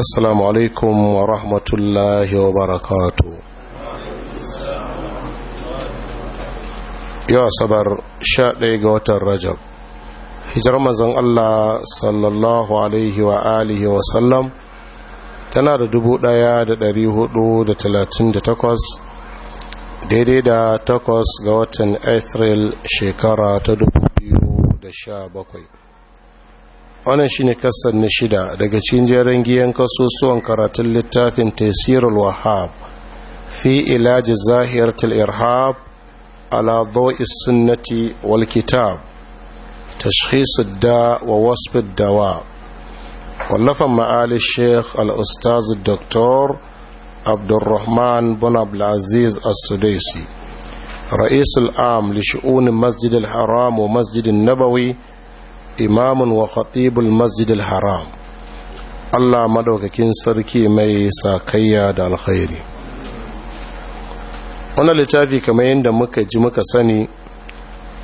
assalamu alaikum wa rahmatullahi wa barakatu yau asabar 11 ga watan rajab hijar mazan allah sallallahu alaihi wa alihi wa sallam tana da da talatin takwas, daidai da takwas ga watan april shekara ta dubu biyu da sha bakwai. wannan shine kassar na shida daga cikin jerin giyan kasusuwan karatun littafin tafsirul wahhab fi ilaj zahiratul irhab ala dawi sunnati wal kitab tashkhis da wa wasf dawa wallafa ma'ali sheikh al ustaz dr abdurrahman bin abdul aziz as-sudaisi رئيس العام لشؤون مسجد masjidin Nabawi. imamun wa khatibul masjidil haram Allah madaukakin sarki mai sakayya da alkhairi wannan littafi kamar yadda muka ji muka sani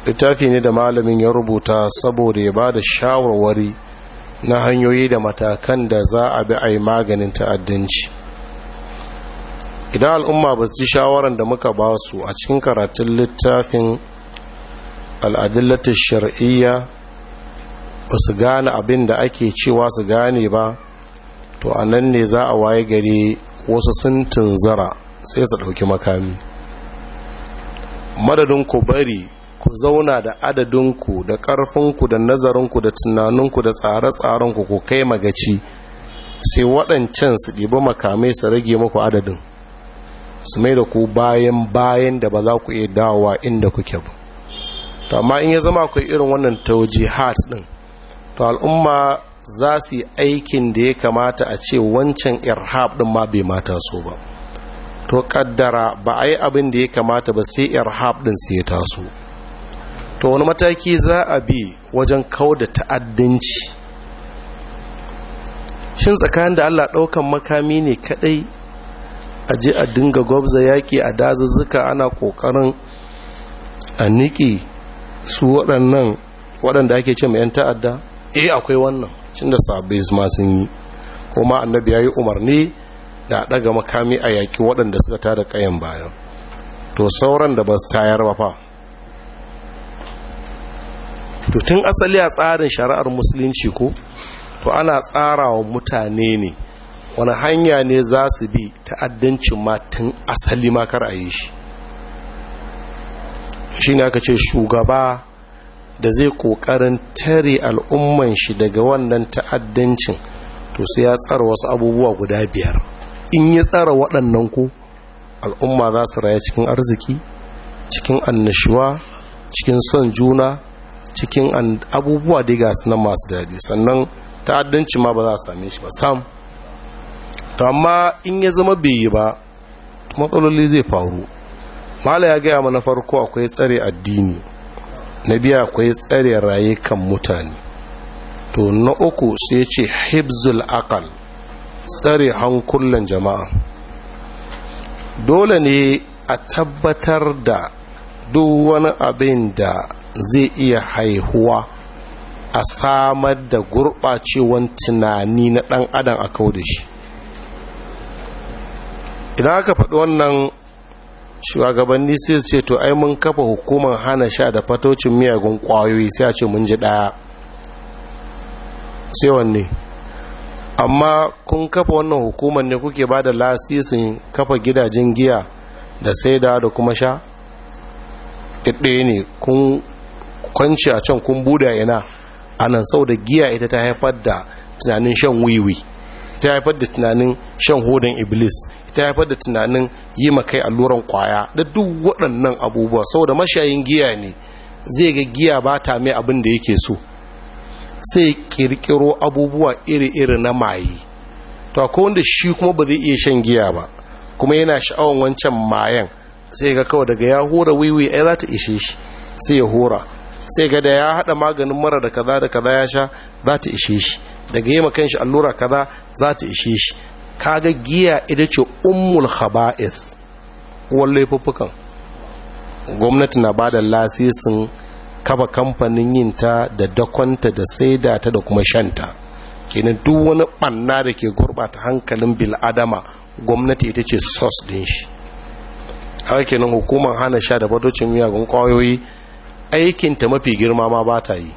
littafi ne da malamin ya rubuta saboda ya ba da shawarwari na hanyoyi da matakan da za a bi a yi maganin ta'addanci idan al'umma ba su ji shawaran da muka ba su a cikin karatun littafin al'adillatar shar'iyya ba su gane abin da ake cewa su gane ba to a nan ne za a waye gare wasu sun tunzara sai su ɗauki makami madadin ku bari ku zauna da adadinku da ƙarfinku da nazarinku da tunaninku da tsare-tsarenku ku kai magaci sai waɗancan su ɗiba makamai su rage muku adadin su mai da ku bayan bayan da ba za ku iya dawowa inda kuke ba amma in ya zama akwai irin wannan tauji hat ɗin to al'umma za su yi aikin da ya kamata a ce wancan irhab din ma bai mata so ba to kaddara ba a yi abin da ya kamata ba sai irhab din sai ya taso to wani mataki za a bi wajen kau da ta'addanci shin tsakanin da allah ɗaukan makami ne kaɗai a je a dinga gwabza yaƙi a dazuzzuka ana ƙoƙarin a niƙi su waɗannan waɗanda ake ce mai 'yan ta'adda eh akwai wannan cin da sabai ma sun yi kuma annabi ya yi umarni da daga makami a yaki waɗanda suka tada kayan bayan to sauran da ba su tayar ba fa to tun asali a tsarin shari'ar musulunci ko to ana tsara wa mutane ne wani hanya ne za su bi ta'addancin ma tun asali makar a yi shi shi ne aka ce shugaba da zai kokarin tare al'umman shi daga wannan ta'addancin to sai ya tsara wasu abubuwa guda biyar in ya tsara waɗannan ku al'umma za su raya cikin arziki cikin annashuwa cikin son juna cikin abubuwa da ga su na masu daɗi sannan ta'addanci ma ba za a same shi ba sam to amma in ya zama bai yi ba matsaloli zai faru mala ya gaya mana farko akwai tsare addini na biya akwai tsare rayukan mutane to na uku sai ce hibzul akal tsare hankulan jama'a dole ne a tabbatar da duk wani abin da zai iya haihuwa a samar da gurɓacewan tunani na ɗan adam a kawo da shi idan aka faɗi wannan shugabanni sai su ce to ai mun kafa hukumar hana sha da fatocin miyagun kwayoyi sai a ce mun ji ɗaya sai wanne amma kun kafa wannan hukumar ne kuke ba da lasisin kafa gidajen giya da saida da kuma sha ɗaya ne kun kwanci a can kun buda ina anan nan sau da giya ita ta haifar da tunanin shan wiwi ta haifar da tunanin shan hodon iblis ta haifar da tunanin yi makai alluran kwaya da duk waɗannan abubuwa saboda mashayin giya ne zai ga giya ba ta mai abin da yake so sai kirkiro abubuwa iri-iri na maye to akwai wanda shi kuma ba zai iya shan giya ba kuma yana sha'awan wancan mayan sai ga kawai daga ya hura wiwi ai za ta ishe shi sai ya hura sai ga da ya hada maganin mara da kaza da kaza ya sha za ta ishe shi daga yi makan shi allura kaza za ta ishe shi kaga giya ita ce umul khaba'is uwar laifuffukan gwamnati na bada lasisin kaba kamfanin yin ta da dakonta da saida ta da kuma shanta kenan duk wani banna da ke gurbata hankalin bil'adama gwamnati ita ce sos din shi haka kenan hukumar hana sha da badocin miyagun kwayoyi aikinta mafi girma ma ba ta yi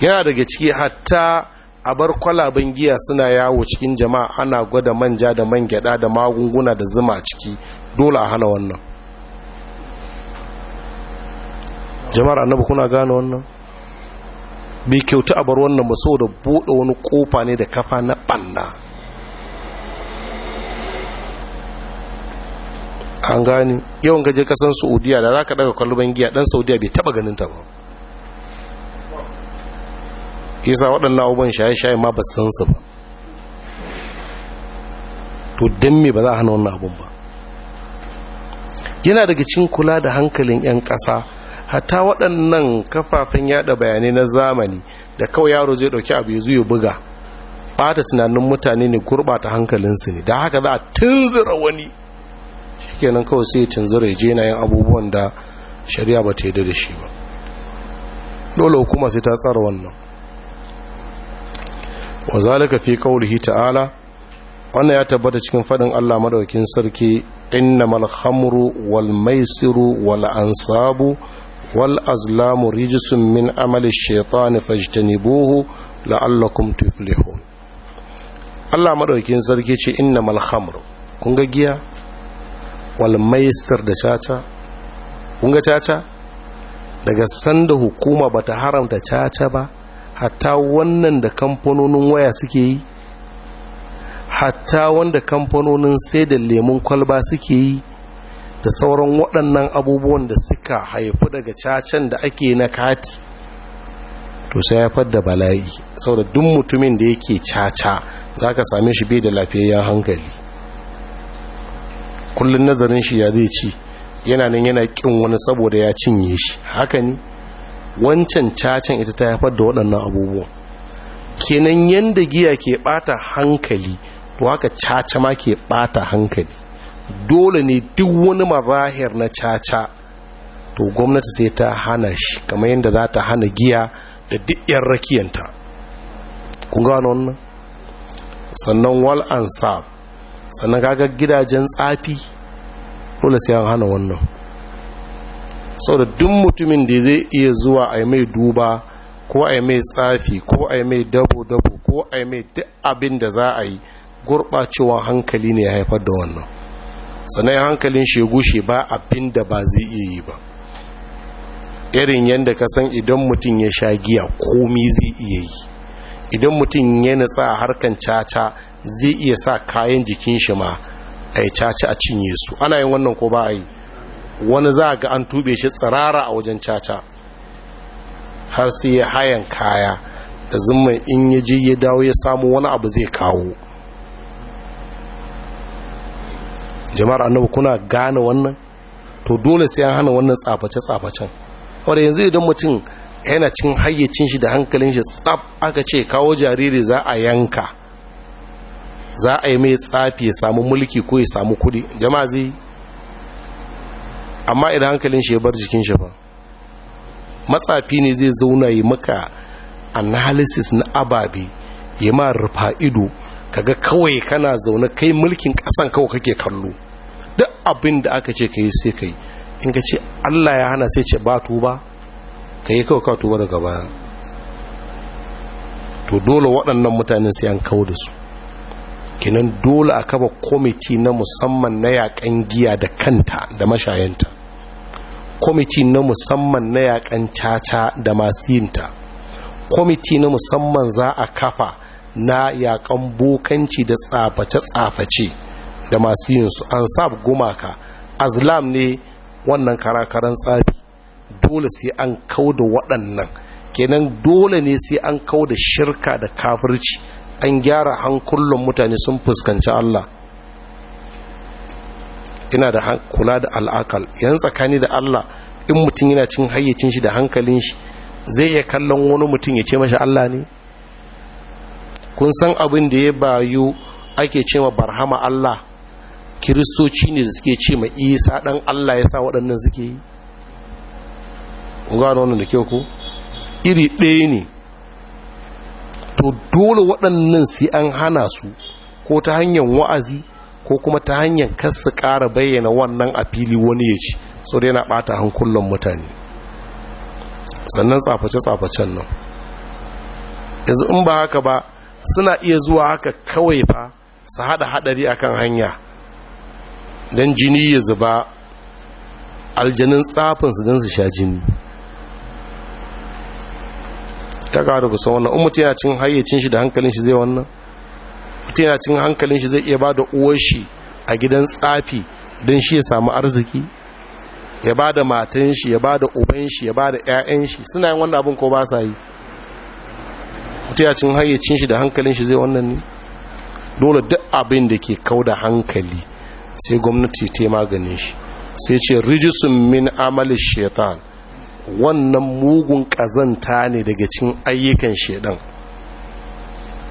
yana daga ciki hatta a bar kwalaben giya suna yawo cikin jama'a ana gwada manja da man gyada da magunguna da zuma ciki dole a hana wannan jama'ar annabi kuna gane wannan bai kyauta a bar wannan ba da bude wani kofa ne da kafa na ɓanna an gani yawan gaje kasan saudiya da za ka daga kwalaben giya ɗan saudiya bai taɓa ganin ta ba yasa waɗannan abubuwan shaye-shaye ma ba san su ba to don me ba za a hana wannan abun ba yana daga cikin kula da hankalin 'yan ƙasa hata waɗannan kafafen yada bayanai na zamani da kawai yaro zai ɗauki abu ya zuyo buga ɓata tunanin mutane ne gurɓata hankalinsu ne da haka za a tunzura wani shikenan kawai sai tunzura ya je na yin abubuwan da shari'a ba ta yi da shi ba dole hukuma sai ta tsara wannan wa zalika fi qawlihi ta'ala wannan ya tabbata cikin fadin Allah madaukakin sarki innamal khamru wal maisiru wal ansabu wal azlamu rijsun min amali shaytani fajtanibuhu la'allakum tuflihun Allah madaukakin sarki ce innamal khamru kun ga giya wal maisir da chacha kun ga caca daga sanda hukuma bata haramta caca ba hatta wannan da kamfanonin waya suke yi hatta wanda kamfanonin sai da lemun kwalba suke yi da sauran waɗannan abubuwan da suka haifu daga cacen da ake na kati to sai haifar da bala'i sau da duk mutumin da yake caca za ka same shi bai da lafiyayyen hankali kullum nazarin shi ya zai ci yana nan yana ƙin wani saboda ya cinye shi haka ne wancan cacin ita ta haifar da waɗannan abubuwan kenan yadda giya ke ɓata hankali to haka caca ma ke ɓata hankali dole ne duk wani marahir na caca to gwamnati sai ta hana shi kamar yadda za ta hana giya da duk 'yan rakiyanta kun gano wannan sannan wal ansab sannan kaga gidajen tsafi dole sai an hana wannan saboda duk mutumin da zai iya zuwa a mai duba ko a mai tsafi ko a mai dabo-dabo ko a mai duk abin da za a yi gurɓacewar hankali ne ya haifar da wannan sannan hankalin shegushe ba abin da ba zai iya yi ba irin yadda ka san idan mutum ya sha giya komi zai iya yi idan mutum ya natsa a harkan caca zai iya sa kayan jikin shi ma a yi caca a cinye su ana yin wannan ko ba a yi wani za a ga an tube shi tsirara a wajen caca har sai ya hayan kaya da zumman in ya ji ya dawo ya samu wani abu zai kawo jama'ar annabu kuna gane wannan to dole sai an hana wannan tsaface-tsafacen wadda yanzu idan mutum yana cin hayyacin shi da hankalin shi tsaf aka ce kawo jariri za a yanka za a yi mai tsafi ya samu mulki ko ya samu kudi jama'a zai amma idan hankalin shi ya bar jikin shi ba matsafi ne zai zauna yi maka analysis na ababe ya ma rufa ido kaga kawai kana zaune kai mulkin kasan kawai kake kallo duk abin da aka ce ka yi sai ka in ka ce allah ya hana sai ce ba tuba ka yi kawai ka tuba daga baya to dole waɗannan mutanen sai an kawo da su kinan dole a kaba kwamiti na musamman na yakan giya da kanta da mashayanta kwamiti na musamman na yakan caca da masu yinta kwamiti na musamman za a kafa na yakan bokanci da tsaface-tsaface da masu yinsu an sab gumaka azlam ne wannan karakaran tsafi dole sai an kau da waɗannan kenan dole ne sai an kau da shirka da kafirci an gyara hankulan mutane sun fuskanci Allah Ina da kula da al'akal yan tsakani da Allah in mutum yana cin hayyacin shi da hankalin shi zai iya kallon wani mutum ya ce mashi Allah ne kun san abin da ya bayu ake ce ma barhama Allah kiristoci ne da suke ce ma isa dan Allah ya sa waɗannan suke yi gano wannan da kyau ko iri ɗaya ne to dole waɗannan sai an hana su ko ta hanyar wa'azi ko kuma ta hanyar kasu ƙara bayyana wannan a fili wani ya ci so da yana ɓata hankulan mutane sannan tsaface-tsafacen nan yanzu in ba haka ba suna iya zuwa haka kawai fa su haɗa haɗari akan hanya don jini ya zuba aljanin tsafinsu don su sha jini ta ƙaru kusan wannan in yana cin hayyacin shi da hankalin shi zai wannan mutum yana cin hankalin shi zai iya ba da shi a gidan tsafi don shi ya samu arziki ya ba da matan shi ya ba da uban shi ya ba da 'ya'yan shi suna yin wannan abin ko ba sa yi mutum ya cin hayyacin shi da hankalin shi zai wannan ne dole duk abin da ke kau da hankali sai gwamnati ta maganin shi sai ce rijisun min amali shaitan wannan mugun kazanta ne daga cin ayyukan shaidan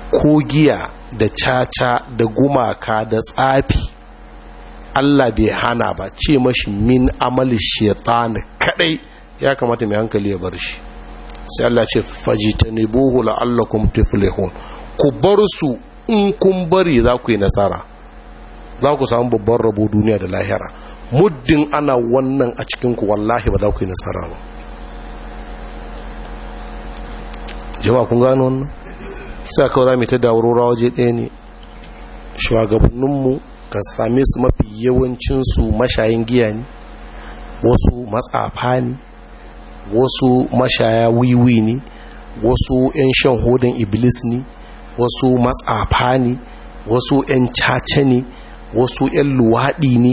ko giya da caca da gumaka da tsafi Allah bai hana ba ce mashi min amali shaitani kadai ya kamata mai hankali ya bar shi sai Allah ce fajitanibuhu la'allakum tuflihun ku bar su in kun bari za ku yi nasara za ku samu babban rabo duniya da lahira muddin ana wannan a cikinku wallahi ba za ku yi nasara ba jama'a kun gano wannan sai kawai mu ta dawarora waje ɗaya ne shugabanninmu ka same su mafi yawancinsu mashayin giya ne wasu matsafa ne wasu mashaya wiwi ne wasu 'yan shan hodon iblis ne wasu matsafa ne wasu 'yan caca ne wasu 'yan luwaɗi ne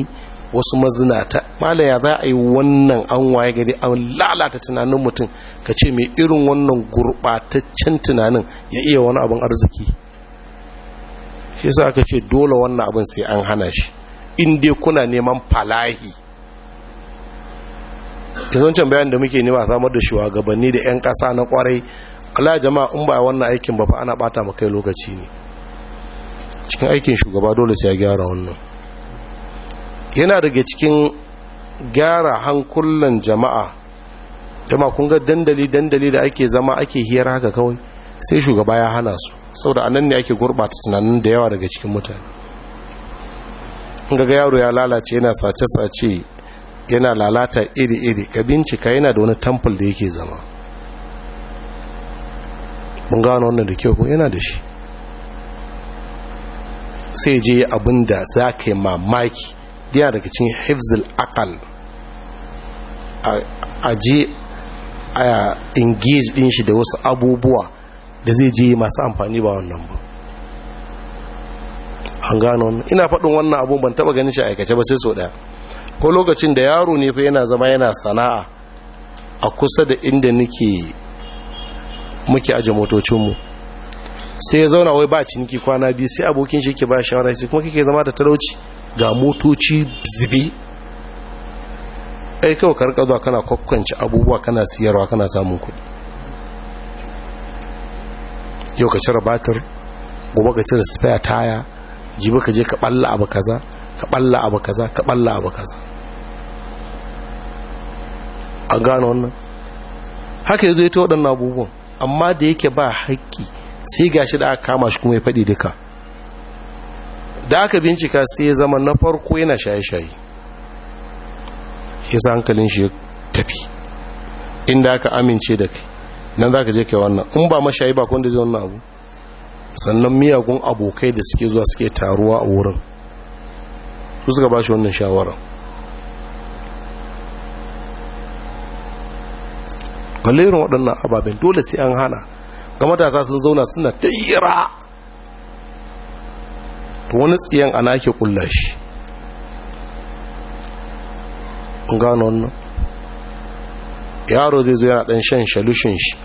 wasu mazinata malaya za a yi wannan an waye gari an lalata tunanin mutum ka ce mai irin wannan gurɓataccen tunanin ya iya wani abin arziki shi sa aka ce dole wannan abin sai an hana shi in dai kuna neman falahi yanzu can bayan da muke nema samar da shugabanni da 'yan ƙasa na kwarai ala jama'a in ba wannan aikin ba fa ana bata maka lokaci ne cikin aikin shugaba dole sai ya gyara wannan yana daga cikin gyara hankulan jama'a jama kun ga dandali dandali da ake zama ake hiyar haka kawai sai shugaba ya hana su saboda anan ne ake gurbata tunanin da yawa daga cikin mutane ga yaro ya lalace yana sace-sace yana lalata iri-iri ka bincika yana da wani tamfil da yake zama mun gano wannan da kyau kuma yana da shi sai je abin da za ka yi mamaki ya daga cikin hifzil akal a je a engage din shi da wasu abubuwa da zai je masu amfani ba wannan ba an gano ina faɗin wannan abun ban taɓa ganin shi a aikace ba sai so ɗaya ko lokacin da yaro ne fa yana zama yana sana'a a kusa da inda nake muke aje motocinmu sai ya zauna wai ba ciniki kwana biyu sai abokin shi ke ba shawara sai kuma kike zama da talauci ga motoci zube ai kawai karka zuwa kana kwakwanci abubuwa kana siyarwa kana samun kuɗi yau ka cire batir gobe ka cire spare taya jibi ka je ka balla abu kaza ka balla abu kaza ka balla abu kaza an gano wannan haka zo ya ta waɗannan abubuwan amma da yake ba haƙƙi sai gashi da aka kama shi kuma ya faɗi duka da aka bincika sai ya zama na farko yana shaye-shaye ya sa hankalin shi ya tafi inda aka amince da kai nan za ka je kai wannan in ba mashayi ba kwanda zai wannan abu sannan miyagun abokai da suke zuwa suke taruwa a wurin su suka ba shi wannan shawara kwallerin waɗannan ababen dole sai an hana ga matasa sun zauna suna ta to wani tsiyan ana ke kulla shi gano wannan yaro zai zo yana dan shan shalushin shi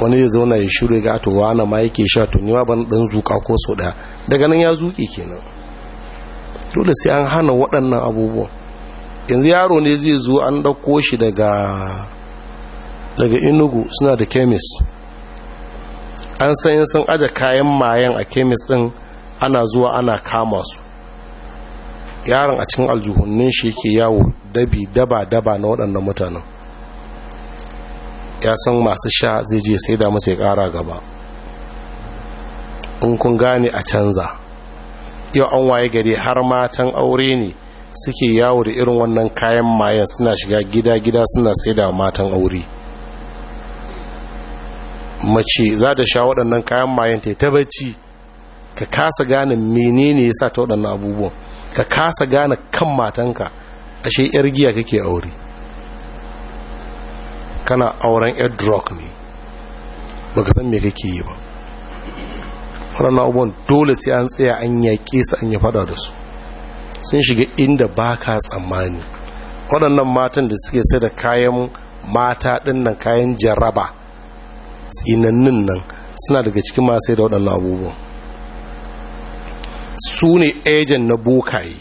wani zai zauna ya shiru ga to wani ma yake sha to ni ma ban dan zuka ko so daya daga nan ya zuke kenan dole sai an hana waɗannan abubuwan yanzu yaro ne zai zo an ɗauko shi daga daga inugu suna da kemis an san sun aje kayan mayan a kemis ɗin ana zuwa ana kama su yaron a cikin aljuhunnin shi yake yawo dabi daba daba na waɗannan mutanen ya san masu sha zai je sai da masa ya ƙara gaba in kun gane a canza yau an waye gari har matan aure ne suke yawo da irin wannan kayan mayan suna shiga gida-gida suna sai da matan aure mace za ta sha waɗannan kayan mayan ta ta bacci ka kasa gane menene yasa ta waɗannan abubuwan ka kasa gane kan matanka ashe yar giya kake aure kana auren Ed drug ne baka san me kake yi ba waɗannan abubuwan dole sai an tsaya an yaƙe su an yi fada da su sun shiga inda baka tsammani waɗannan matan da suke sai da kayan mata ɗin nan kayan jaraba tsinannin nan suna daga cikin masu da waɗannan abubuwan su ne agent na bokaye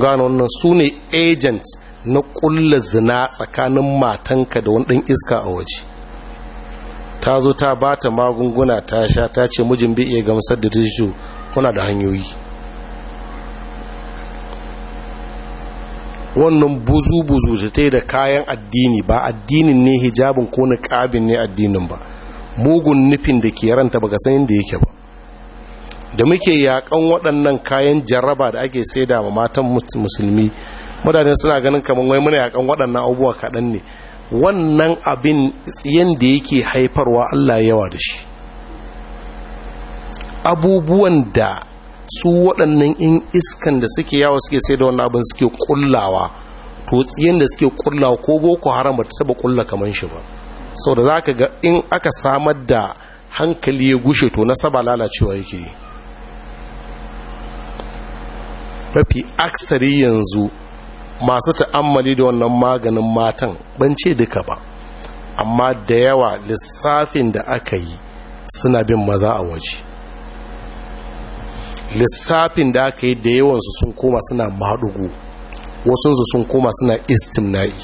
gano wannan su ne agent na kulla zina tsakanin matanka da wani ɗan iska a waje ta zo ta ba ta magunguna ta sha ta ce mijin bi iya gamsar da tishu kuna da hanyoyi wannan buzu-buzu ta ta da kayan addini ba addinin ne hijabin ko niƙabin ne addinin ba mugun nufin da ke ranta baka san yadda yake ba da muke yakan waɗannan kayan jaraba da ake saida ma matan musulmi mutane suna ganin kamar wai muna yakan waɗannan abubuwa kaɗan ne wannan abin tsiyan da yake haifarwa Allah yawa da shi abubuwan da su waɗannan in iskan da suke yawa suke sai da wannan abin suke kullawa to tsiyan da suke kullawa ko boko haram ta taba kulla kamar shi ba saboda zaka ga in aka samar da hankali ya gushe to nasaba lalacewa yake yi mafi aksari yanzu masu ta'ammali da wannan maganin matan ban ce duka ba amma da yawa lissafin da aka yi suna bin maza a waje lissafin da aka yi da yawansu sun koma suna maɗugu wasunsu sun koma suna istimna'i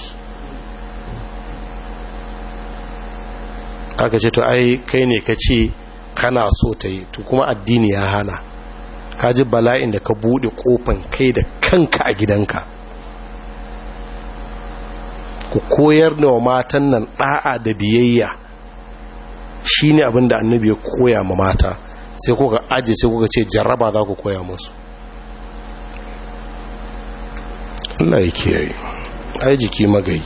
aka ce to ai kai ne ka ce kana so ta yi to kuma addini ya hana ka ji bala'in da ka buɗe ƙofan kai da kanka a gidanka ku koyar da wa matan nan ɗa'a da biyayya shi ne abin da annabi ya koya ma mata sai kuka aji sai kuka ce jaraba za ku koya musu Allah ya kiyaye ai jiki magayi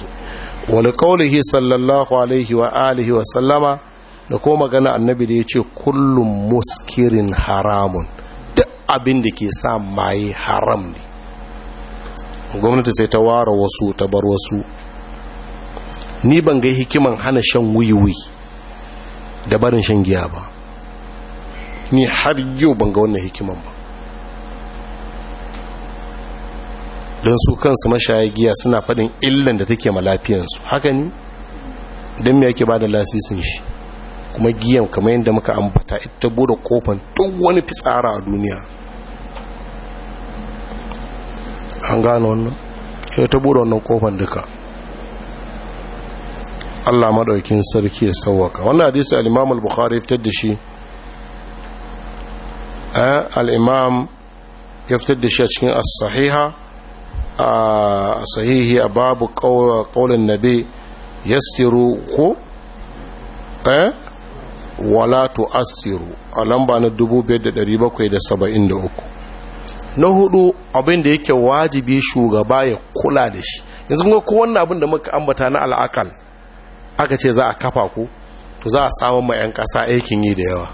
wani sallallahu alaihi wa alihi wa sallama da ko magana annabi da ya ce kullum muskirin haramun abin da ke sa maye haram ne gwamnati sai ta ware wasu ta bar wasu ni ban ga hikiman hana shan wiwi da barin shan giya ba ni har yau ban ga wannan hikiman ba don su kansu mashaya giya suna faɗin illan da take ma lafiyansu haka ne don me yake ba da lasisin shi kuma giyan kamar yadda muka ambata ita bude kofan duk wani fitsara a duniya an gano wannan ya ta buɗe wannan kofan duka Allah madaukin sarki ya sauwaka wannan hadisi al-Imam al-Bukhari fitar da shi eh, al-Imam ya fitar da shi a cikin as-sahiha a sahihi a babu qaulin nabi yastiru ko eh wala tu'assiru a lamba na 2773 na hudu abinda yake wajibi shugaba ya kula da shi yanzu kuma ko wannan abin da muka ambata na al'akal aka ce za a kafa ku to za a samun ma 'yan ƙasa aikin yi da yawa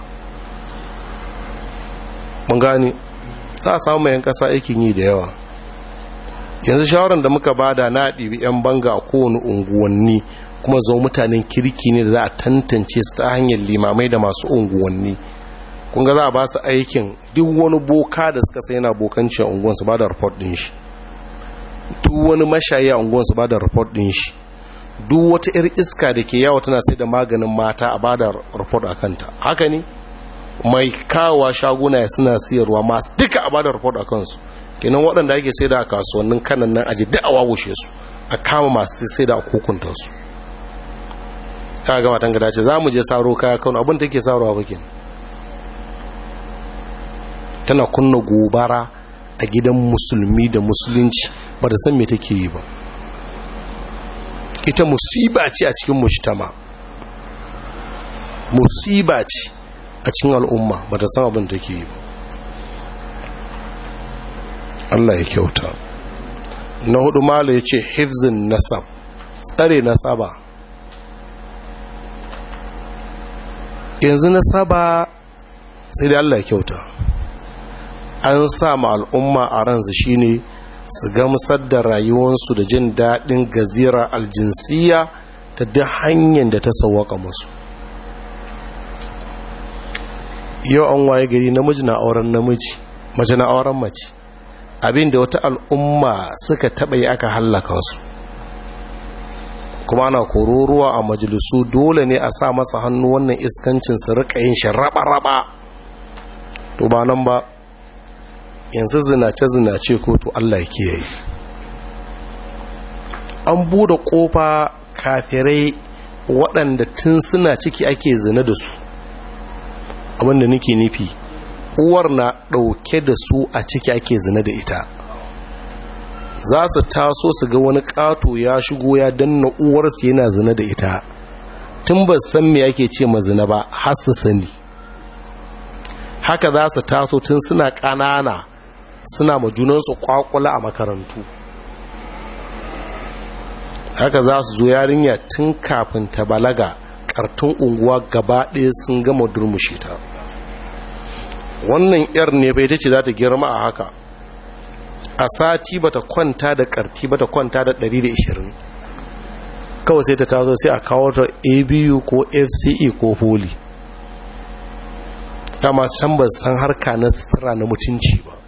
mun gani za a samun ma 'yan ƙasa aikin yi da yawa yanzu shawaran da muka bada na ɗibi 'yan banga a kowane unguwanni kuma zo mutanen kirki ne da za a tantance su ta hanyar limamai da masu unguwanni kun ga za a ba su aikin duk wani boka da suka sai yana bokanci a unguwansu ba da report din shi duk wani mashayi a unguwansu ba da report din shi duk wata iri iska da ke yawa tana sai da maganin mata a ba da report a kanta haka ne mai kawowa shaguna suna siyarwa masu duka a ba da report a kansu kenan waɗanda ake sai da a kasuwannin kanan nan aji duk a wawushe su a kama masu sai da a hukunta su gama tangada ce za mu je saro kaya kano abin da ke a bakin tana kunna gobara a gidan musulmi da musulunci ba da san me take yi ba ita musiba ce a cikin mujtama musiba ce a cikin al'umma ba da san abin take ke yi ba Allah ya kyauta na hudu mala ya ce hifzin nasab tsare nasaba yanzu nasaba sai da Allah ya kyauta an sa ma al'umma a ransu shine su gamsar da rayuwarsu da jin daɗin gazira aljinsiya ta duk hanyar da ta sauwaka musu yau an waye gari namiji na auren namiji mace na auren mace abin wata al'umma suka taɓa yi aka hallaka su kuma ana kororuwa a majalisu dole ne a sa masa hannu wannan iskancin su rika yin shi raba-raba to ba nan ba yanzu zinace-zinace ko to Allah yi. an bude kofa kafirai waɗanda tun suna ciki ake zina da su abinda nake nufi uwar na ɗauke da su a ciki ake zina da ita za su taso su ga wani ƙato ya shigo ya danna uwarsu yana zina da ita tun ba san me ake ce ma zina ba har su sani haka za su taso tun suna ƙanana suna ma junansu kwakula a makarantu haka za su zo yarinya tun kafin ta balaga kartun unguwa gaba ɗaya sun gama durmushi ta wannan yar ne bai ce za ta girma a haka a sati ba ta kwanta da karti ba ta kwanta da 120 kawai sai ta tazo sai a kawo ta abu ko fce ko foli. ta masu san harka na sutura na mutunci ba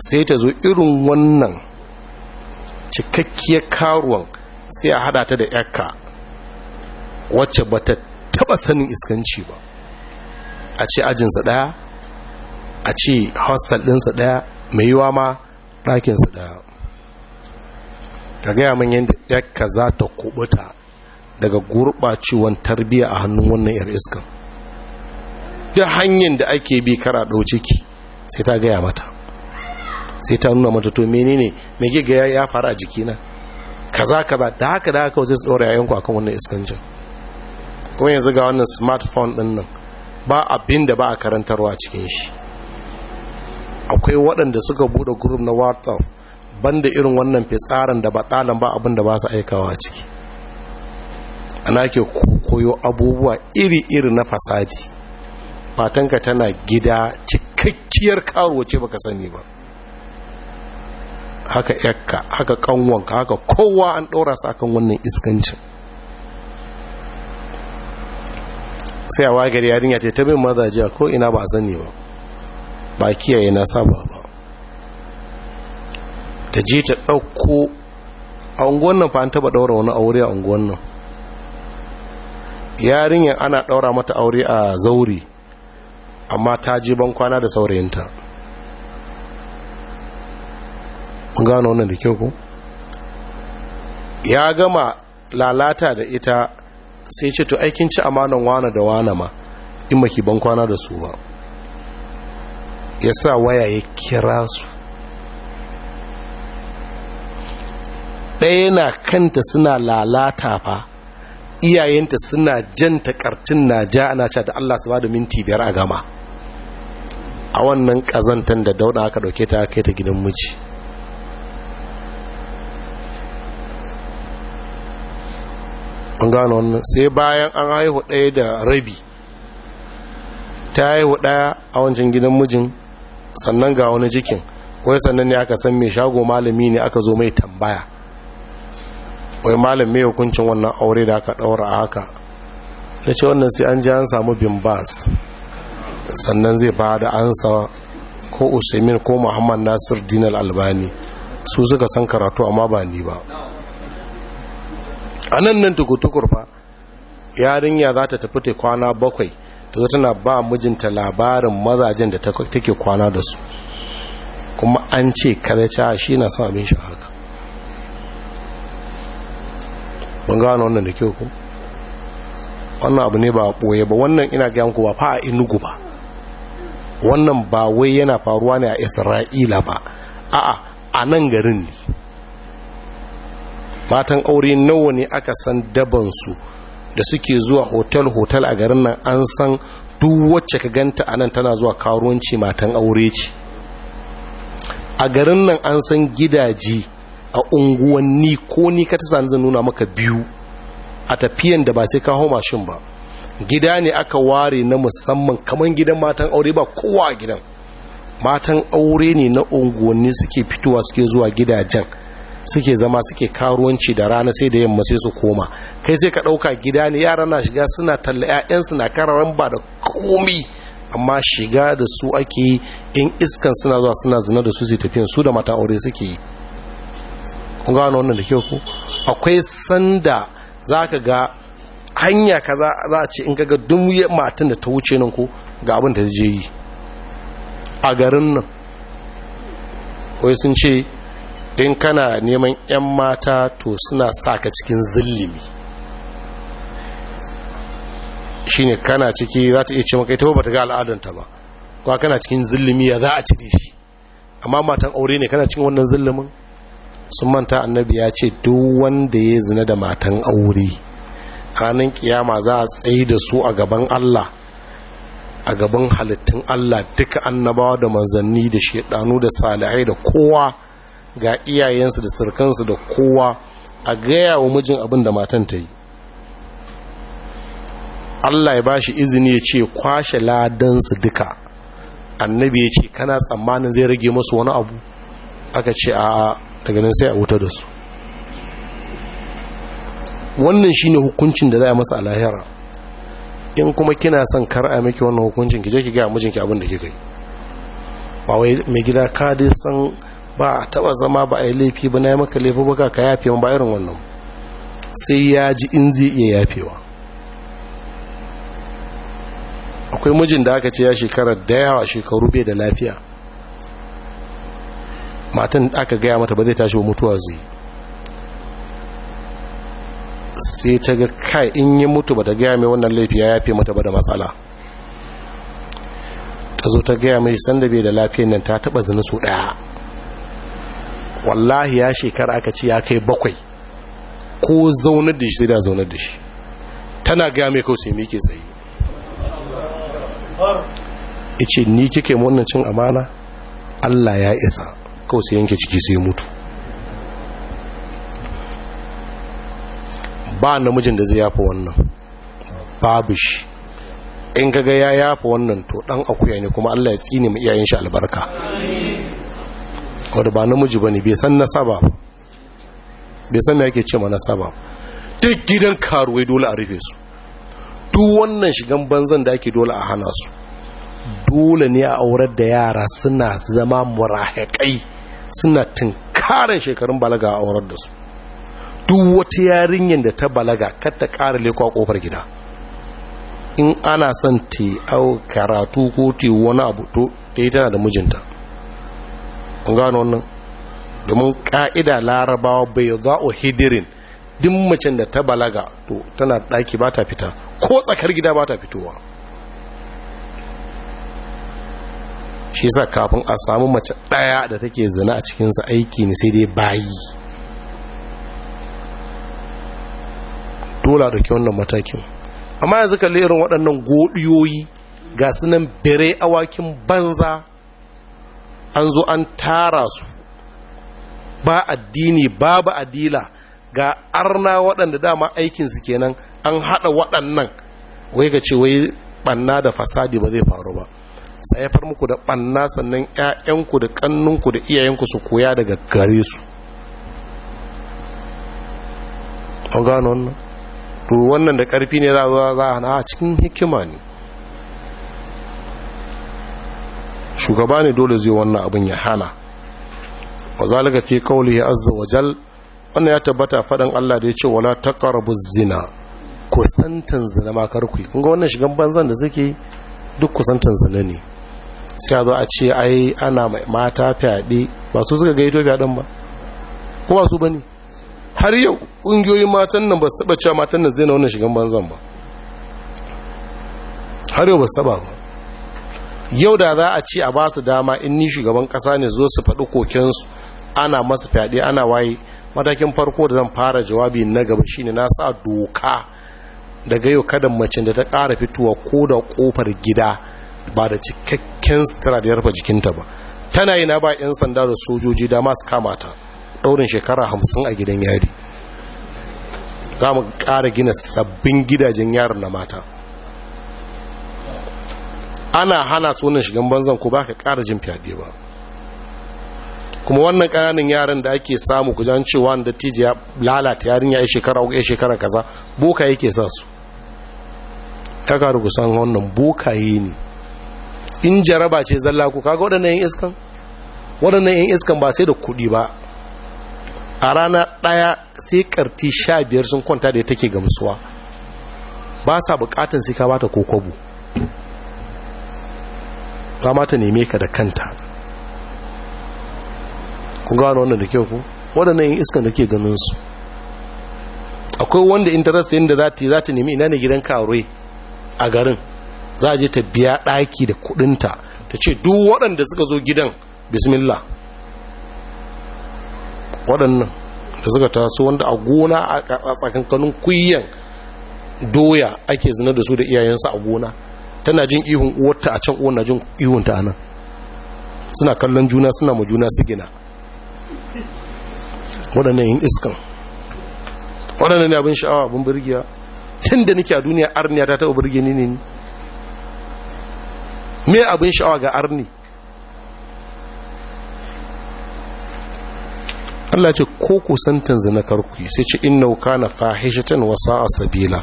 sai ta zo irin wannan cikakkiyar karuwan sai a hada ta da yakka wacce ba ta taba sanin iskanci ba a ce ajinsa daya a ce hostel dinsa daya mai yiwa ma ɗakinsa daya ka gaya min yadda yakka za ta kubuta daga gurɓacewan tarbiyya a hannun wannan yar iskan duk hanyar da ake bi kara ɗau ciki sai ta gaya mata sai ta nuna mata to menene me ke ga ya faru a jikina kaza kaza da haka da haka zai tsora yayin ku akan wannan iskancin kuma yanzu ga wannan smartphone din nan ba abin da ba a karantarwa cikin shi akwai waɗanda suka bude group na whatsapp banda irin wannan fitsarin da ba batsalan ba abin da ba su aikawa ciki ana ke koyo abubuwa iri-iri na fasadi fatanka tana gida cikakkiyar karuwa ce baka sani ba haka yakka haka kanwanka haka kowa an ɗora su akan wannan iskancin sai a wagar yarinya ce ta bin mazaje ko ina ba sani ba ba kiyaye na saba ba ta je ta ɗauko a unguwan nan fa an taɓa ɗaura wani aure a unguwan nan yarinyar ana ɗaura mata aure a zauri amma ta je ban kwana da saurayinta Kun gano wannan da kyau ko ya gama lalata da ita sai ce to aikin ci amanan wana da wana ma in maki ban kwana da su ba ya sa waya ya kira su ɗaya na kanta suna lalata fa iyayenta suna jan takartin na ja ana ca da Allah su ba da minti biyar a gama a wannan ƙazantar da dauɗa aka ɗauke ta kai ta gidan miji an gano wannan sai bayan an haihu ɗaya da rabi ta haihu ɗaya a wancan gidan mijin sannan ga wani jikin wai sannan ne aka san mai shago malami ne aka zo mai tambaya wai malam mai hukuncin wannan aure da aka ɗaura a haka ya ce wannan sai an ji an samu bimbas sannan zai ba da ansa ko usaimin ko muhammad nasir dinal albani su suka san karatu amma ba ni ba a nan nan tukutukur fa yarinya za ta tafi ta kwana bakwai ta zo tana ba mijinta labarin mazajen da take kwana da su kuma an ce kalaca shi na son abin shi haka ban gano wannan da kyau ku wannan abu ne ba a ɓoye ba wannan ina gaya muku ba fa a inugu ba wannan ba wai yana faruwa ne a isra'ila ba a'a a nan garin ne matan aure nawa ne aka san dabansu da suke zuwa hotel-hotel a garin nan an san duk wacce ka ganta a nan tana zuwa karuwanci matan aure ce a garin nan an san gidaje a unguwanni ko ni ka ta zan nuna maka biyu a tafiyan da ba sai ka hau mashin ba gida ne aka ware na musamman kamar gidan matan aure ba kowa a gidan matan aure ne na unguwanni suke fitowa suke zuwa gidajen suke zama suke karuwanci da rana sai da yamma sai su koma kai sai ka ɗauka gida ne yara na shiga suna talla 'ya'yansu na kararan ba da komi amma shiga da su ake in iskan suna zuwa suna zina da su sai tafiyan su da mata aure suke yi kun gano wannan da kyau ku akwai sanda za ka ga hanya ka za a ce in kaga duk matan da ta wuce nan ko ga abin da je yi a garin nan wai sun ce in kana neman 'yan mata to suna sa ka cikin zillimi shi ne kana ciki za ta iya ce maka ita ba ta ga al'adanta ba kuwa kana cikin zillimi ya za a cire shi amma matan aure ne kana cikin wannan zillimin sun manta annabi ya ce duk wanda ya zina da matan aure ranar kiyama za a tsaye da su a gaban Allah a gaban halittun Allah duka annabawa da manzanni da shaidanu da salihai da kowa ga iyayensu da surkansu da kowa a gaya wa mijin abin da matan ta yi Allah ya bashi izini ya ce kwashe ladansu duka annabi ya ce kana tsammanin zai rage masu wani abu aka ce a daga nan sai a wuta da su wannan shi ne hukuncin da za a masa a in kuma kina son kar'a miki wannan hukuncin ki je ki ga mijinki abin da ke kai. ba wai mai gida ka dai san ba a taba zama ba a yi laifi ba na yi maka laifi baka ka yafe ba irin wannan sai ya ji in zai iya yafewa akwai mijin da aka ce ya shekara da yawa shekaru bai da lafiya matan da aka gaya mata ba zai tashi wa mutuwa zai sai ta ga kai in yi mutu ba ta gaya mai wannan laifi ya yafe mata ba da matsala ta zo ta gaya mai sanda bai da lafiyan nan ta taba zina su daya wallahi ya shekara aka ce ya kai bakwai ko zaunar da shi sai da zaunar da shi tana gaya mai kawo sai mike tsaye ice ni kike wannan cin amana Allah ya isa kawo sai yanke ciki sai mutu ba namijin da zai yafa wannan babu shi in gaga ya yafa wannan to dan akuya ne kuma Allah ya tsine mu iyayen shi albarka wadda ba namiji ba ne bai san nasaba bai san yake ake ce ma nasaba duk gidan karuwai dole a rufe su duk wannan shigan banzan da ake dole a hana su dole ne a aurar da yara suna zama murahakai suna tunkarin shekarun balaga a aurar da su duk wata yarinyar da ta balaga kar ta ƙara leko a ƙofar gida in ana son te au karatu ko te wani abu to ɗaya tana da mijinta kun gano wannan domin ka'ida larabawa bai za'o hidirin din macen da ta balaga to tana daki ba ta fita ko tsakar gida ba ta fitowa shi sa kafin a samu mace ɗaya da take zina a cikinsa aiki ne sai dai bayi dole da ke wannan matakin amma yanzu kalli irin waɗannan godiyoyi ga sunan bere awakin banza an zo an tara su ba addini babu adila ga arna waɗanda dama aikinsu kenan an haɗa waɗannan wai ga ce wai ɓanna da fasadi ba zai faru ba sai ya muku da ɓanna sannan ƴaƴanku da ƙannunku da iyayenku su koya daga gare su an gano wannan to wannan da ƙarfi ne za a za a cikin hikima ne shugaba ne dole zai wannan abin ya hana wa zalika fi qawlihi azza wa jal wannan ya tabbata fadan Allah da ya ce wala taqrabu zina kusantan zina ma karku kun ga wannan shigan banzan da suke duk kusantan zina ne sai a zo a ce ai ana mata fyaɗe ba su suka gaito fyaɗen ba ko ba su bane har yau ƙungiyoyin matan nan ba su taɓa cewa matan nan zai na wannan shigan banzan ba har yau ba su taɓa ba yau da za a ci a ba su dama in ni shugaban kasa ne zo su faɗi kokensu ana masu fyaɗe ana waye matakin farko da zan fara jawabi na gaba shine na sa doka daga yau kada macin da ta ƙara fitowa ko da ƙofar gida ba da cikakken sutura da yarfa jikinta ba tana yi na ba 'yan sanda da sojoji dama su kamata ɗaurin shekara hamsin a gidan yari za mu ƙara gina sabbin gidajen yaron na mata ana hana sunan shigan banzan ko ba ka ƙara jin fyaɗe ba kuma wannan ƙananan yaran da ake samu ku jan cewa da tiji ya lalata yarin ya yi shekara uku ya shekara kaza boka yake sa su ka karu ku san wannan bokaye ne in jaraba ce zalla ku kaga waɗannan 'yan iskan waɗannan yan iskan ba sai da kuɗi ba a rana ɗaya sai ƙarti sha biyar sun kwanta da ya take gamsuwa ba sa buƙatan sai ka bata ko kwabo kamata ta neme ka da kanta ku gano wannan da kyau ku waɗannan yin iskan da ke ganin su akwai wanda interest yadda za ta yi za ta nemi ina ne gidan kawai a garin za a je ta biya ɗaki da kuɗinta ta ce duk waɗanda suka zo gidan bismillah waɗannan da suka taso wanda a gona a tsakankanin kuyyan doya ake zina da su da iyayensu a gona tana jin ihun uwarta a can uwar na jin ihunta a nan suna kallon juna suna ma juna su gina waɗannan yin iskan waɗannan abin sha'awa abin birgiya tun da nake a duniya arniya ta taɓa birge ni ne me abin sha'awa ga arni Allah ce ko kusantan zinakarku sai ce inna kana fahishatan wasa a sabila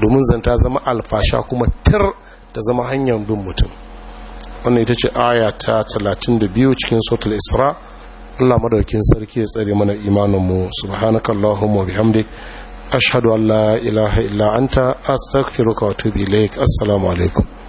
domin zanta zama alfasha kuma tar ta zama hanyar bin mutum wannan ita ce aya ta 32 cikin sautul isra Allah madaukin sarki ya tsare mana imaninmu subhanakallahumma bihamdik ashhadu an la ilaha illa anta astaghfiruka wa atubu ilaik assalamu alaikum